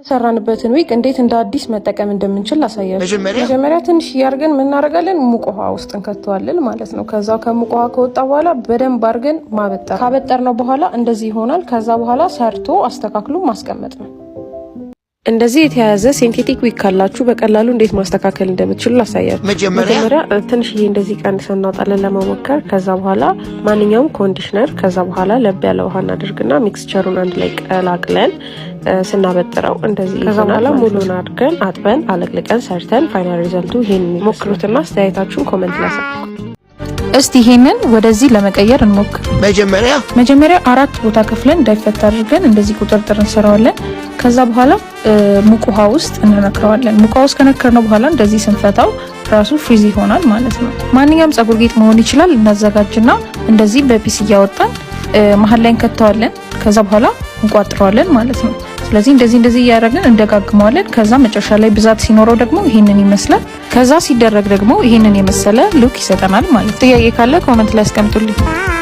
የተሰራንበትን ዊግ እንዴት እንደ አዲስ መጠቀም እንደምንችል ላሳያችሁ። መጀመሪያ ትንሽ እያርገን ምናደርጋለን፣ ሙቅ ውሃ ውስጥ እንከተዋለን ማለት ነው። ከዛ ከሙቅ ውሃ ከወጣ በኋላ በደንብ አርገን ማበጠር። ካበጠር ነው በኋላ እንደዚህ ይሆናል። ከዛ በኋላ ሰርቶ አስተካክሎ ማስቀመጥ ነው። እንደዚህ የተያያዘ ሴንቴቲክ ዊክ ካላችሁ በቀላሉ እንዴት ማስተካከል እንደምትችሉ ላሳያችሁ። መጀመሪያ ትንሽ ይሄ እንደዚህ ቀንሰን እናውጣለን ለመሞከር። ከዛ በኋላ ማንኛውም ኮንዲሽነር፣ ከዛ በኋላ ለብ ያለ ውሃ እናደርግና ሚክስቸሩን አንድ ላይ ቀላቅለን ስናበጥረው እንደዚህ ከዛ በኋላ ሙሉን አድርገን አጥበን አለቅልቀን ሰርተን ፋይናል ሪዘልቱ ይህን ሞክሩትና አስተያየታችሁን ኮመንት ላሳ እስቲ ይሄንን ወደዚህ ለመቀየር እንሞክር። መጀመሪያ መጀመሪያ አራት ቦታ ከፍለን ዳይፈት አድርገን እንደዚህ ቁጥርጥር እንሰራዋለን። ከዛ በኋላ ሙቅ ውሃ ውስጥ እንነክረዋለን። ሙቅ ውሃ ውስጥ ከነከርነው በኋላ እንደዚህ ስንፈታው ራሱ ፍሪዝ ይሆናል ማለት ነው። ማንኛውም ጸጉር ጌጥ መሆን ይችላል። እናዘጋጅና እንደዚህ በፒስ እያወጣን መሀል ላይ እንከተዋለን። ከዛ በኋላ እንቋጥረዋለን ማለት ነው። ስለዚህ እንደዚህ እንደዚህ እያደረግን እንደጋግመዋለን። ከዛ መጨረሻ ላይ ብዛት ሲኖረው ደግሞ ይህንን ይመስላል። ከዛ ሲደረግ ደግሞ ይህንን የመሰለ ሉክ ይሰጠናል ማለት። ጥያቄ ካለ ኮመንት ላይ አስቀምጡልኝ።